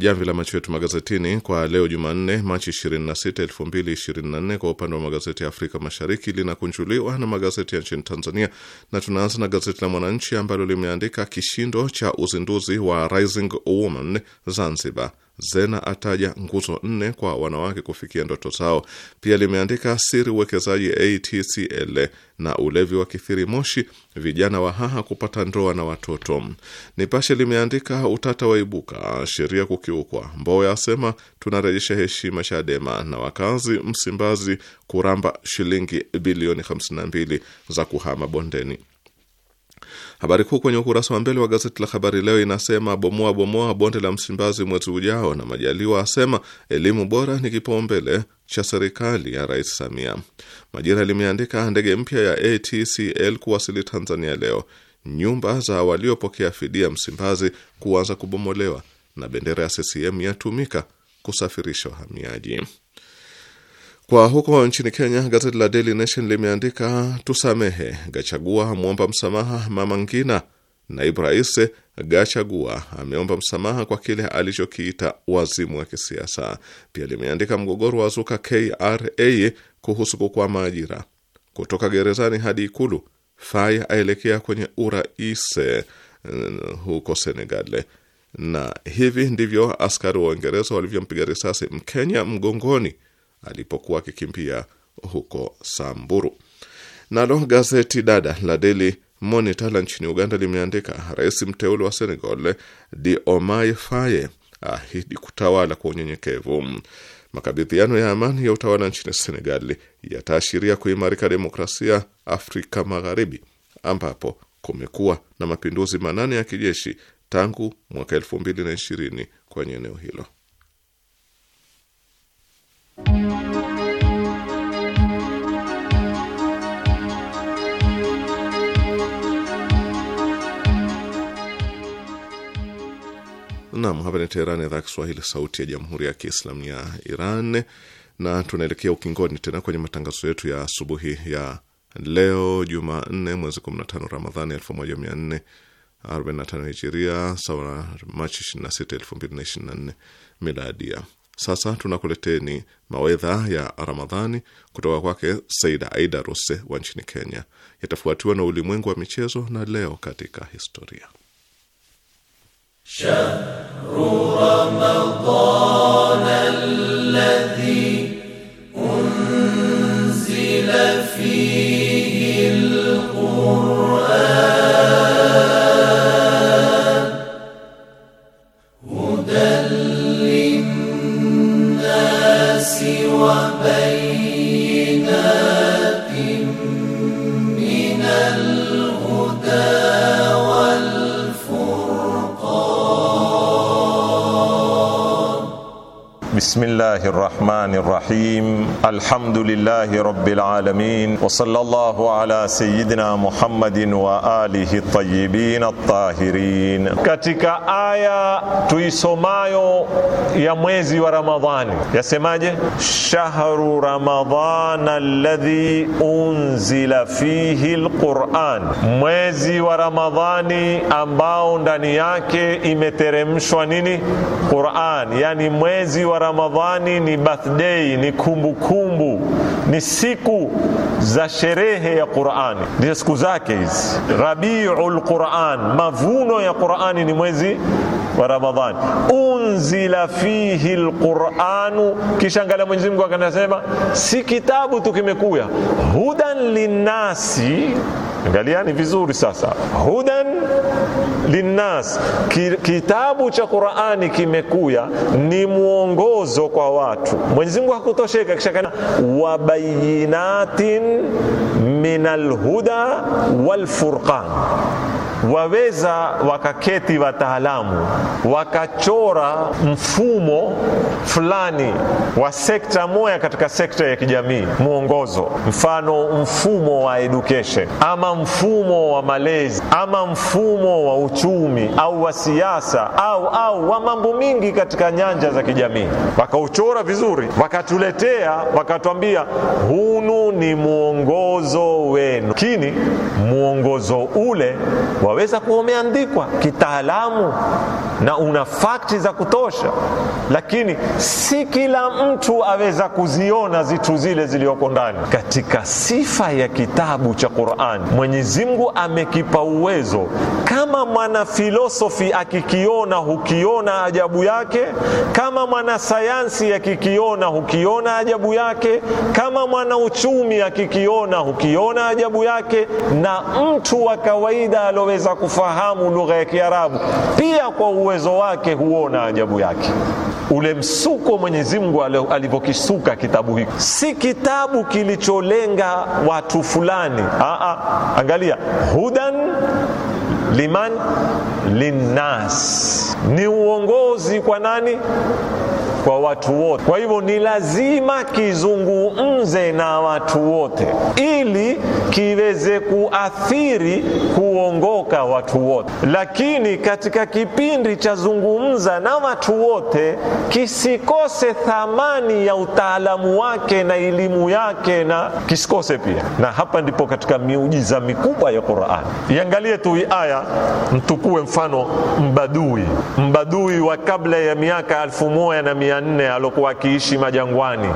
Jamvi la macho yetu magazetini kwa leo Jumanne, Machi 26, 2024 kwa upande wa magazeti ya Afrika Mashariki linakunjuliwa na magazeti ya nchini Tanzania, na tunaanza na gazeti la Mwananchi ambalo limeandika kishindo cha uzinduzi wa Rising Woman Zanzibar. Zena ataja nguzo nne kwa wanawake kufikia ndoto zao. Pia limeandika siri uwekezaji ATCL na ulevi wa kithiri moshi, vijana wa haha kupata ndoa na watoto. Nipashe limeandika utata waibuka, sheria kukiukwa, Mbowe asema tunarejesha heshima Chadema, na wakazi Msimbazi kuramba shilingi bilioni 52 za kuhama bondeni. Habari kuu kwenye ukurasa wa mbele wa gazeti la Habari Leo inasema bomoa bomoa bonde la Msimbazi mwezi ujao, na Majaliwa asema elimu bora ni kipaumbele cha serikali ya Rais Samia. Majira limeandika ndege mpya ya ATCL kuwasili Tanzania leo, nyumba za waliopokea fidia Msimbazi kuanza kubomolewa, na bendera ya CCM yatumika kusafirisha wahamiaji. Kwa huko nchini Kenya, gazeti la Daily Nation limeandika tusamehe, Gachagua amwomba msamaha Mama Ngina. Naibu Rais Gachagua ameomba msamaha kwa kile alichokiita wazimu wa kisiasa. Pia limeandika mgogoro wa zuka KRA kuhusu kukwama ajira, kutoka gerezani hadi Ikulu, Fai aelekea kwenye urais eh, huko Senegal, na hivi ndivyo askari wa Uingereza walivyompiga risasi Mkenya mgongoni alipokuwa akikimbia huko Samburu. Nalo gazeti dada la Daily Monitor la nchini Uganda limeandika rais mteule wa Senegal Diomaye Faye ahidi kutawala kwa unyenyekevu. Makabidhiano ya amani ya utawala nchini Senegal yataashiria kuimarika demokrasia Afrika Magharibi, ambapo kumekuwa na mapinduzi manane ya kijeshi tangu mwaka elfu mbili na ishirini kwenye eneo hilo. Naam, hapa ni Teheran, idhaa Kiswahili, sauti ya jamhuri ya kiislamu ya Iran, na tunaelekea ukingoni tena kwenye matangazo yetu ya asubuhi ya leo Jumanne, mwezi 15 Ramadhani 1445 Hijiria, sawa Machi 26, 2024 Miladia. Sasa tunakuleteni mawedha ya Ramadhani kutoka kwake Saida Aida Ruse wa nchini Kenya, yatafuatiwa na ulimwengu wa michezo na leo katika historia. شهر رمضان الذي أنزل فيه القرآن هدى للناس وبين بسم الله الرحمن الرحيم الحمد لله رب العالمين وصلى الله على سيدنا محمد وآله الطيبين الطاهرين katika aya tuisomayo ya mwezi wa ramadhani yasemaje shahru ramadhana alladhi unzila fihi alquran mwezi wa ramadhani ambao ndani yake imeteremshwa nini quran Ramadhani ni birthday, ni kumbukumbu kumbu, ni siku za sherehe ya Qurani, ndizo siku zake hizi. Rabiul Quran, mavuno ya Qurani ni mwezi wa Ramadhani. Unzila fihi lquranu, kisha angalia Mwenyezi Mungu akanasema, si kitabu tu kimekuya, hudan linnasi. ni vizuri sasa, hudan linnas, kitabu cha Qur'ani kimekuya ni mwongozo kwa watu. Mwenyezi Mungu hakutosheka kisha kana wabayinatin minal huda wal furqan waweza wakaketi wataalamu wakachora mfumo fulani wa sekta moja katika sekta ya kijamii, mwongozo, mfano mfumo wa education ama mfumo wa malezi ama mfumo wa uchumi au wa siasa au au wa mambo mingi katika nyanja za kijamii, wakauchora vizuri, wakatuletea, wakatuambia hunu ni mwongozo wenu, lakini mwongozo ule wa waweza kuwa umeandikwa kitaalamu na una fakti za kutosha, lakini si kila mtu aweza kuziona zitu zile zilizoko ndani. Katika sifa ya kitabu cha Qur'an, Mwenyezi Mungu amekipa uwezo, kama mwanafilosofi akikiona hukiona ajabu yake, kama mwanasayansi akikiona hukiona ajabu yake, kama mwanauchumi akikiona hukiona ajabu yake, na mtu wa kawaida aloweza kuweza kufahamu lugha ya Kiarabu, pia kwa uwezo wake huona ajabu yake ule msuko Mwenyezi Mungu alivyokisuka kitabu hiki, si kitabu kilicholenga watu fulani. Aa, angalia, hudan liman linnas, ni uongozi kwa nani? kwa watu wote. Kwa hivyo ni lazima kizungumze na watu wote ili kiweze kuathiri kuongoka watu wote, lakini katika kipindi cha zungumza na watu wote kisikose thamani ya utaalamu wake na elimu yake, na kisikose pia. Na hapa ndipo katika miujiza mikubwa ya Qur'ani, iangalie tu aya, mtukue mfano mbadui, mbadui wa kabla ya miaka elfu moja na mia mia nne alokuwa akiishi majangwani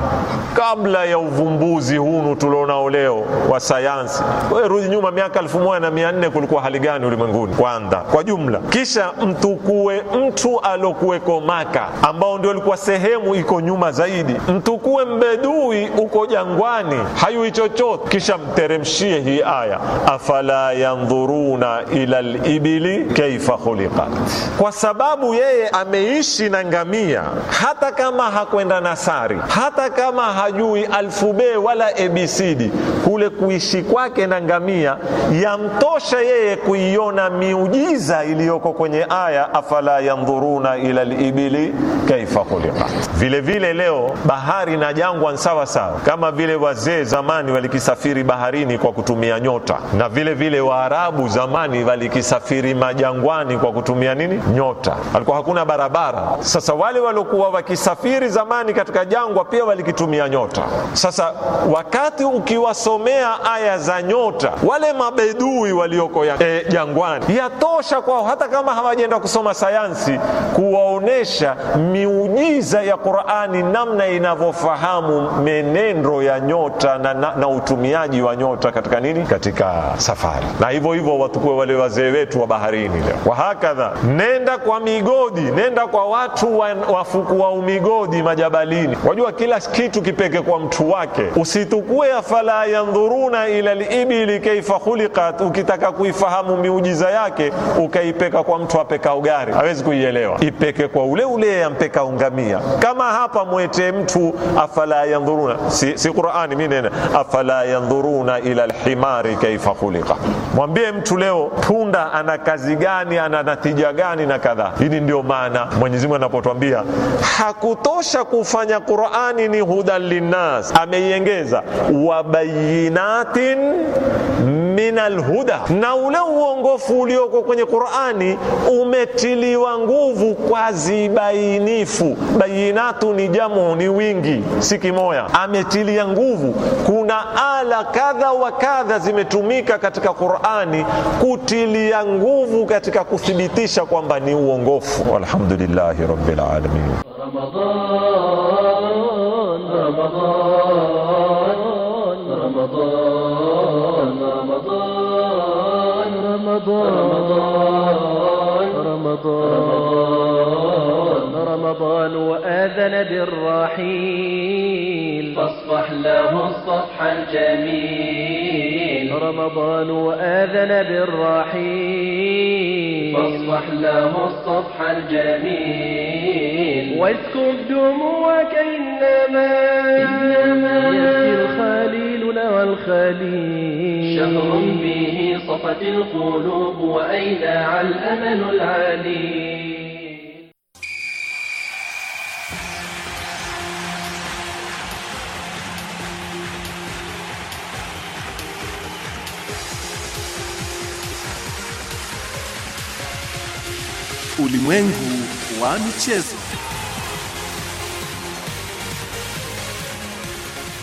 kabla ya uvumbuzi hunu tulionao leo wa sayansi. Wewe rudi nyuma miaka elfu moja na mia nne kulikuwa hali gani ulimwenguni kwanza kwa jumla, kisha mtukue mtu alokuweko Maka ambao ndio alikuwa sehemu iko nyuma zaidi, mtukue mbedui uko jangwani hayui chochote, kisha mteremshie hii aya, afala yandhuruna ila libili kaifa khuliqat, kwa sababu yeye ameishi na ngamia hata kama hakwenda nasari, hata kama hajui alfube wala abcd, kule kuishi kwake na ngamia yamtosha yeye kuiona miujiza iliyoko kwenye aya, afala yandhuruna ila libili kaifa khuliqat. Vile vile leo bahari na jangwa sawa sawa, kama vile wazee zamani walikisafiri baharini kwa kutumia nyota, na vile vile Waarabu zamani walikisafiri majangwani kwa kutumia nini? Nyota. Alikuwa hakuna barabara. Sasa wale waliokuwa waki walisafiri zamani katika jangwa pia walikitumia nyota. Sasa wakati ukiwasomea aya za nyota wale mabedui walioko ya, eh, jangwani, yatosha kwao hata kama hawajaenda kusoma sayansi kuwaonesha miujiza ya Qur'ani, namna inavyofahamu menendo ya nyota na, na, na utumiaji wa nyota katika nini, katika safari. Na hivyo hivyo watukue wale wazee wetu wa baharini leo, wahakadha nenda kwa migodi, nenda kwa watu wafukua wa migodi majabalini. Wajua kila kitu kipeke kwa mtu wake, usitukue. Afala yandhuruna ila libili kaifa khuliqat. Ukitaka kuifahamu miujiza yake ukaipeka kwa mtu apekao gari, hawezi kuielewa. Ipeke kwa ule ule ampekao ungamia. Kama hapa mwete mtu afala yandhuruna, si, si Qurani mimi nena, afala yandhuruna ila lhimari kaifa khuliqa. Mwambie mtu leo punda ana kazi gani, ana natija gani na kadhaa. Hili ndio maana Mwenyezi Mungu anapotwambia hakutosha kufanya Qur'ani ni hudan linnas, ameiengeza wabayinatin min alhuda, na ule uongofu ulioko kwenye Qur'ani umetiliwa nguvu kwa zibainifu. Bayinatu ni jamu, ni wingi, si kimoya. Ametilia nguvu, kuna ala kadha wa kadha zimetumika katika Qur'ani kutilia nguvu katika kuthibitisha kwamba ni uongofu. Walhamdulillahi rabbil alamin. رمضان رمضان رمضان رمضان رمضان رمضان رمضان وآذن بالرحيل فاصفح له الصفح الجميل رمضان وآذن بالرحيل فاصفح له الصفح الجميل واسكب دموعك إنما يبكي الخليل الخليل شهر فيه صفت القلوب وأيلع الأمل العليل Ulimwengu wa michezo.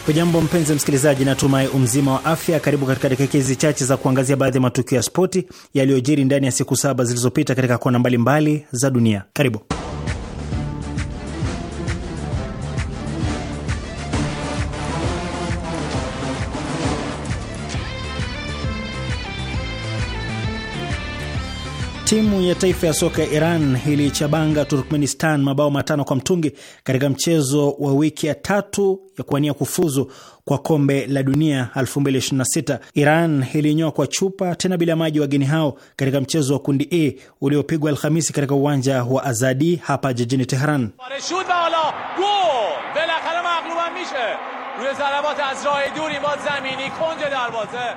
Hujambo mpenzi msikilizaji, natumai umzima wa afya. Karibu katika dakika hizi chache za kuangazia baadhi ya matukio ya spoti yaliyojiri ndani ya siku saba zilizopita katika kona mbalimbali za dunia. Karibu. Timu ya taifa ya soka ya Iran ilichabanga Turkmenistan mabao matano kwa mtungi katika mchezo wa wiki ya tatu ya kuwania kufuzu kwa kombe la dunia 2026. Iran ilinyoa kwa chupa tena bila maji wageni hao katika mchezo wa kundi e uliopigwa Alhamisi katika uwanja wa Azadi hapa jijini teheran روی ضربات از راه زمینی کنج دروازه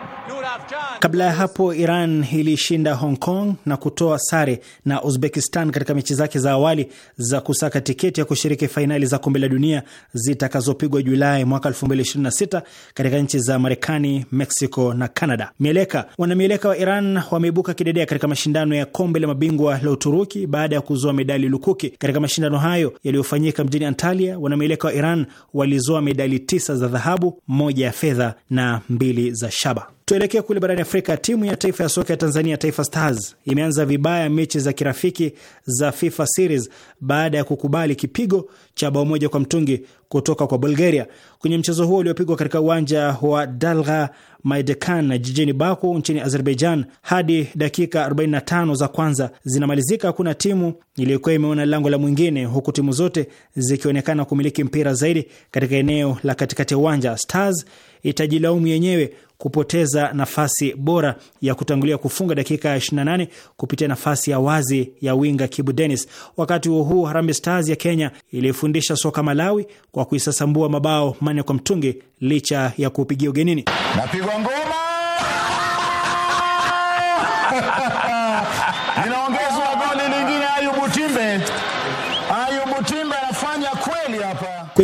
Kabla ya hapo Iran ilishinda Hong Kong na kutoa sare na Uzbekistan katika mechi zake za awali za kusaka tiketi ya kushiriki fainali za kombe la dunia zitakazopigwa Julai mwaka 2026 katika nchi za Marekani, Mexico na Canada. Mieleka, wanamieleka wa Iran wameibuka kidedea katika mashindano ya kombe la mabingwa la Uturuki baada ya kuzoa medali lukuki. Katika mashindano hayo yaliyofanyika mjini Antalya, wanamieleka wa Iran walizoa medali 9 tisa za dhahabu, moja ya fedha na mbili za shaba. Tuelekee kule barani Afrika. Timu ya taifa ya soka ya Tanzania, Taifa Stars, imeanza vibaya mechi za kirafiki za FIFA Series baada ya kukubali kipigo cha bao moja kwa mtungi kutoka kwa Bulgaria kwenye mchezo huo uliopigwa katika uwanja wa Dalga Maidekan jijini Baku nchini Azerbaijan. Hadi dakika 45 za kwanza zinamalizika, hakuna timu iliyokuwa imeona lango la mwingine, huku timu zote zikionekana kumiliki mpira zaidi katika eneo la katikati ya uwanja. Stars itajilaumu yenyewe kupoteza nafasi bora ya kutangulia kufunga dakika ya 28 kupitia nafasi ya wazi ya winga Kibu Dennis. Wakati huo huu, Harambee Stars ya Kenya ilifundisha soka Malawi kwa kuisasambua mabao manne kwa mtungi licha ya kuupigia ugenini. Napigwa ngoma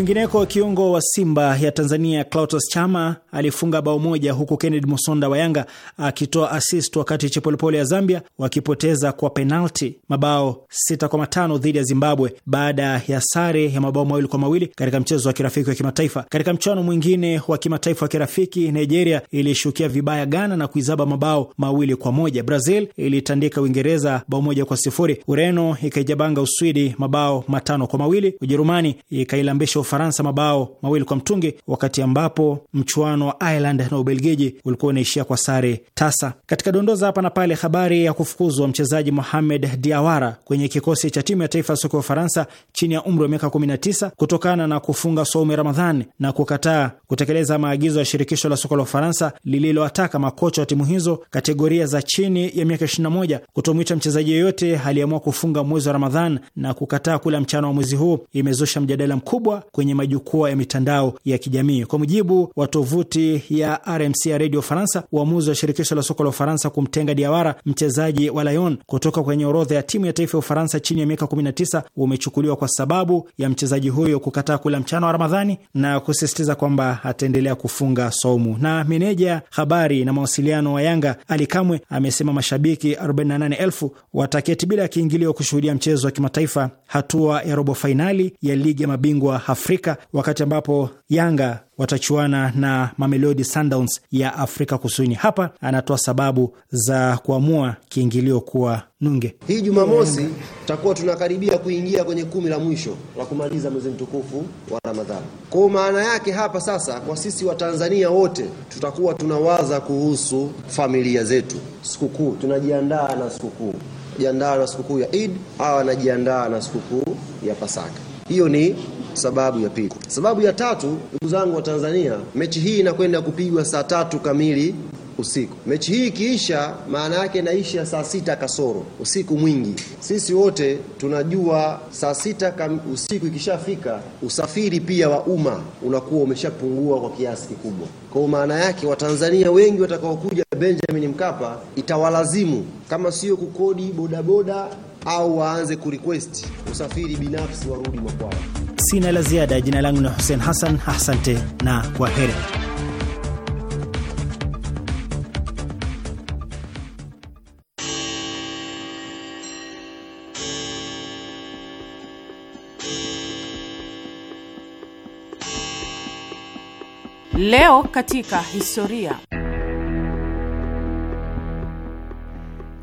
Kwingineko, kiungo wa Simba ya Tanzania Clatous Chama alifunga bao moja huku Kennedy Musonda wa Yanga akitoa assist wakati Chipolopolo ya Zambia wakipoteza kwa penalti mabao sita kwa matano dhidi ya Zimbabwe baada ya sare ya mabao mawili kwa mawili katika mchezo wa kirafiki wa kimataifa. Katika mchuano mwingine wa kimataifa wa kirafiki, Nigeria ilishukia vibaya Ghana na kuizaba mabao mawili kwa moja. Brazil ilitandika Uingereza bao moja kwa sifuri. Ureno ikaijabanga Uswidi mabao matano kwa mawili. Ujerumani ikailambisha Ufaransa mabao mawili kwa mtungi, wakati ambapo mchuano wa Ireland na Ubelgiji ulikuwa unaishia kwa sare tasa. Katika dondoza hapa na pale, habari ya kufukuzwa mchezaji Mohamed Diawara kwenye kikosi cha timu ya taifa ya soka ya Ufaransa chini ya umri wa miaka 19 kutokana na kufunga saumu ya Ramadhani na kukataa kutekeleza maagizo ya shirikisho la soka la Ufaransa lililowataka makocha wa timu hizo kategoria za chini ya miaka 21 kutomwita mchezaji yeyote aliamua kufunga mwezi wa Ramadhan na kukataa kula mchana wa mwezi huu imezusha mjadala mkubwa kwenye kwenye majukwaa ya mitandao ya kijamii. Kwa mujibu wa tovuti ya RMC ya redio Faransa, uamuzi wa shirikisho la soka la Ufaransa kumtenga Diawara, mchezaji wa Lyon, kutoka kwenye orodha ya timu ya taifa ya Ufaransa chini ya miaka 19 umechukuliwa kwa sababu ya mchezaji huyo kukataa kula mchana wa Ramadhani na kusisitiza kwamba ataendelea kufunga saumu. Na meneja habari na mawasiliano wa Yanga Ali Kamwe amesema mashabiki 48,000 wataketi bila ya kiingilio kushuhudia mchezo wa kimataifa hatua ya robo fainali ya ligi ya mabingwa Afrika Afrika, wakati ambapo Yanga watachuana na Mamelodi Sundowns ya Afrika Kusini. Hapa anatoa sababu za kuamua kiingilio kuwa nunge. Hii Jumamosi tutakuwa tunakaribia kuingia kwenye kumi la mwisho la kumaliza mwezi mtukufu wa Ramadhani. Kwa maana yake hapa sasa, kwa sisi Watanzania wote tutakuwa tunawaza kuhusu familia zetu, sikukuu, tunajiandaa na sikukuu, jiandaa na sikukuu ya Eid au anajiandaa na sikukuu ya Pasaka. Hiyo ni sababu ya pili. Sababu ya tatu, ndugu zangu wa Tanzania, mechi hii inakwenda kupigwa saa tatu kamili usiku. Mechi hii ikiisha, maana yake inaisha saa sita kasoro, usiku mwingi. Sisi wote tunajua saa sita usiku ikishafika, usafiri pia wa umma unakuwa umeshapungua kwa kiasi kikubwa. Kwa maana yake Watanzania wengi watakaokuja Benjamin Mkapa itawalazimu kama sio kukodi bodaboda au waanze kurequest usafiri binafsi warudi makwao. Sina la ziada. Jina langu ni Hussein Hassan, asante na kwa heri. Leo katika historia.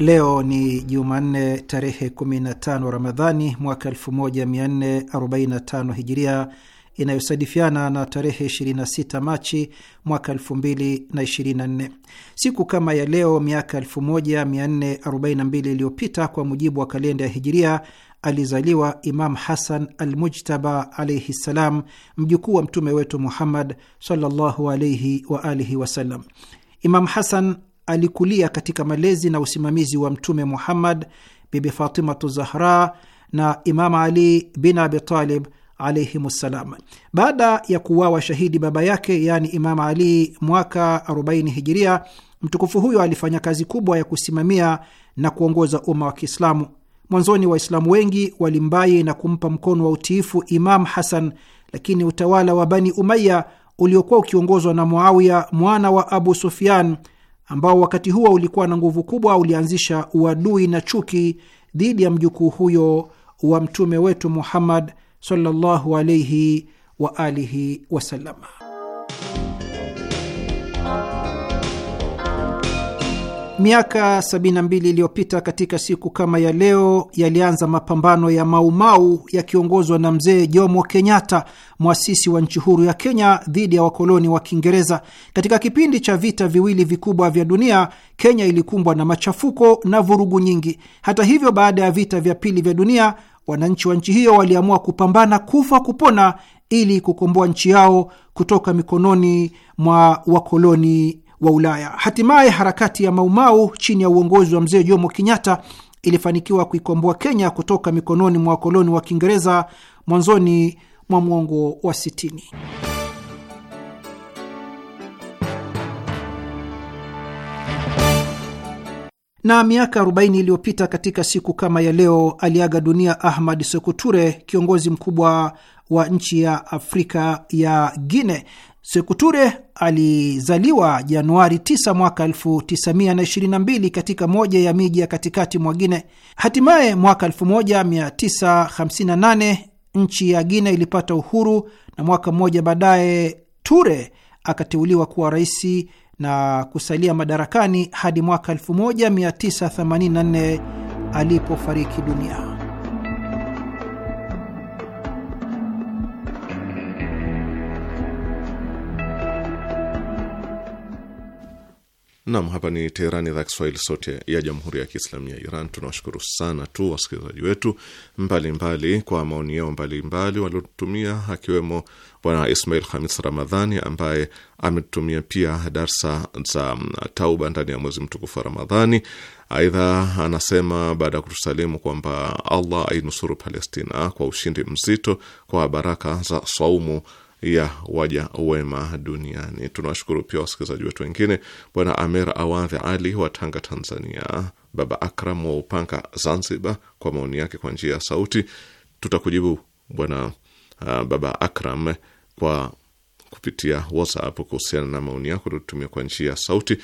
Leo ni Jumanne tarehe 15 Ramadhani mwaka 1445 Hijiria, inayosadifiana na tarehe 26 Machi mwaka 2024. Siku kama ya leo miaka 1442 iliyopita kwa mujibu wa kalenda ya Hijiria alizaliwa Imam Hasan al mujtaba alaihi ssalam, mjukuu wa mtume wetu Muhammad sallallahu alaihi waalihi wasallam. Imam Hasan alikulia katika malezi na usimamizi wa Mtume Muhammad, Bibi Fatimatu Zahra na Imam Ali bin Abitalib alaihimussalam. Baada ya kuuawa shahidi baba yake, yaani Imam Ali, mwaka 40 Hijiria, mtukufu huyo alifanya kazi kubwa ya kusimamia na kuongoza umma wa Kiislamu. Mwanzoni Waislamu wengi walimbai na kumpa mkono wa utiifu Imam Hasan, lakini utawala wa Bani Umaya uliokuwa ukiongozwa na Muawiya mwana wa Abu Sufyan ambao wakati huo ulikuwa na nguvu kubwa, ulianzisha uadui na chuki dhidi ya mjukuu huyo wa mtume wetu Muhammad sallallahu alaihi wa alihi wasallam. Miaka 72 iliyopita katika siku kama ya leo yalianza mapambano ya Maumau yakiongozwa na mzee Jomo Kenyatta, mwasisi wa nchi huru ya Kenya, dhidi ya wakoloni wa Kiingereza. Katika kipindi cha vita viwili vikubwa vya dunia, Kenya ilikumbwa na machafuko na vurugu nyingi. Hata hivyo, baada ya vita vya pili vya dunia, wananchi wa nchi hiyo waliamua kupambana kufa kupona ili kukomboa nchi yao kutoka mikononi mwa wakoloni wa Ulaya. Hatimaye harakati ya Maumau chini ya uongozi wa mzee Jomo Kenyatta ilifanikiwa kuikomboa Kenya kutoka mikononi mwa wakoloni wa Kiingereza mwanzoni mwa mwongo wa sitini. Na miaka 40 iliyopita katika siku kama ya leo aliaga dunia Ahmad sekuture kiongozi mkubwa wa nchi ya Afrika ya guine Sekuture alizaliwa Januari 9 mwaka 1922 katika moja ya miji ya katikati mwa Gine. Hatimaye mwaka 1958 nchi ya Gine ilipata uhuru na mwaka mmoja baadaye Ture akateuliwa kuwa rais na kusalia madarakani hadi mwaka 1984 alipofariki dunia. Nam, hapa ni Teherani, idhaa Kiswahili sote ya Jamhuri ya Kiislamu ya Iran. Tunawashukuru sana tu wasikilizaji wetu mbalimbali mbali, kwa maoni yao mbalimbali waliotumia, akiwemo Bwana Ismail Hamis Ramadhani ambaye ametutumia pia darsa za um, tauba ndani ya mwezi mtukufu wa Ramadhani. Aidha anasema baada ya kutusalimu kwamba Allah ainusuru Palestina kwa ushindi mzito kwa baraka za saumu ya waja wema duniani. Tunawashukuru pia wasikilizaji wetu wengine, Bwana Amir Awadhi Ali wa Tanga, Tanzania, Baba Akram wa Upanga, Zanzibar, kwa maoni yake kwa njia ya sauti. Tutakujibu Bwana uh, Baba Akram kwa kupitia WhatsApp kuhusiana na maoni yako tutumia kwa njia ya sauti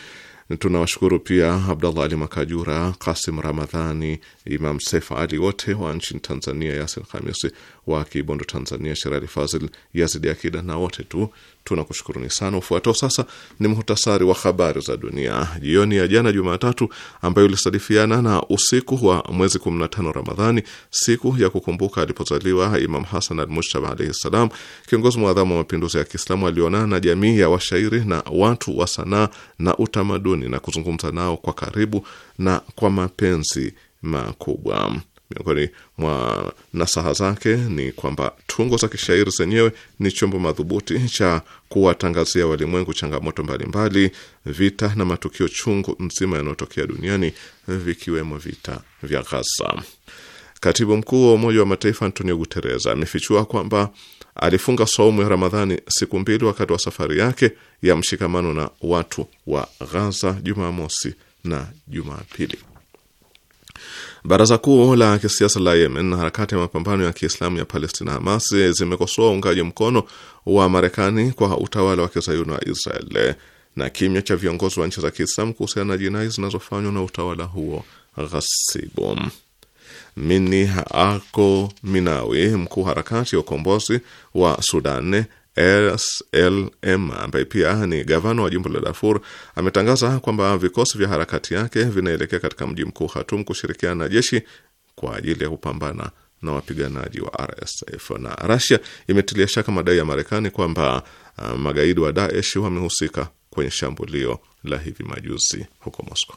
Tunawashukuru pia Abdallah Ali Makajura, Kasim Ramadhani, Imam Sef Ali, wote wa nchini Tanzania, Yasin Hamisi wa Kibondo Tanzania, Sherali Fazil, Yazidi Akida na wote tu tunakushukuruni sana. Ufuatao sasa ni muhtasari wa habari za dunia jioni ya jana Jumatatu, ambayo ilisadifiana na usiku wa mwezi 15 Ramadhani, siku ya kukumbuka alipozaliwa Imam Hasan al Mushtaba alaihi ssalam, kiongozi mwadhamu wa mapinduzi ya Kiislamu. Alionana na jamii ya washairi na watu wa sanaa na utamaduni utamaduni na kuzungumza nao kwa karibu na kwa mapenzi makubwa. Miongoni mwa nasaha zake ni kwamba tungo za kishairi zenyewe ni chombo madhubuti cha kuwatangazia walimwengu changamoto mbalimbali, vita na matukio chungu nzima yanayotokea duniani, vikiwemo vita vya Gaza. Katibu mkuu wa Umoja wa Mataifa Antonio Guterres amefichua kwamba alifunga saumu ya Ramadhani siku mbili wakati wa safari yake ya mshikamano na watu wa Ghaza, Jumamosi na Jumapili. Baraza kuu la kisiasa la Yemen na harakati ya mapambano ya Kiislamu ya Palestina, Hamas, zimekosoa uungaji mkono wa Marekani kwa utawala wa kizayuni wa Israel na kimya cha viongozi wa nchi za Kiislamu kuhusiana na jinai zinazofanywa na utawala huo ghasibu. Miniako Minawi, mkuu harakati ya ukombozi wa Sudan SLM ambaye pia ni gavana wa jimbo la Darfur ametangaza kwamba vikosi vya harakati yake vinaelekea katika mji mkuu Khartoum kushirikiana na jeshi kwa ajili ya kupambana na wapiganaji wa RSF. Na Russia imetilia shaka madai ya Marekani kwamba uh, magaidi wa Daesh wamehusika kwenye shambulio la hivi majuzi huko Moscow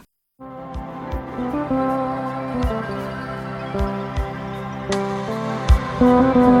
Thank you.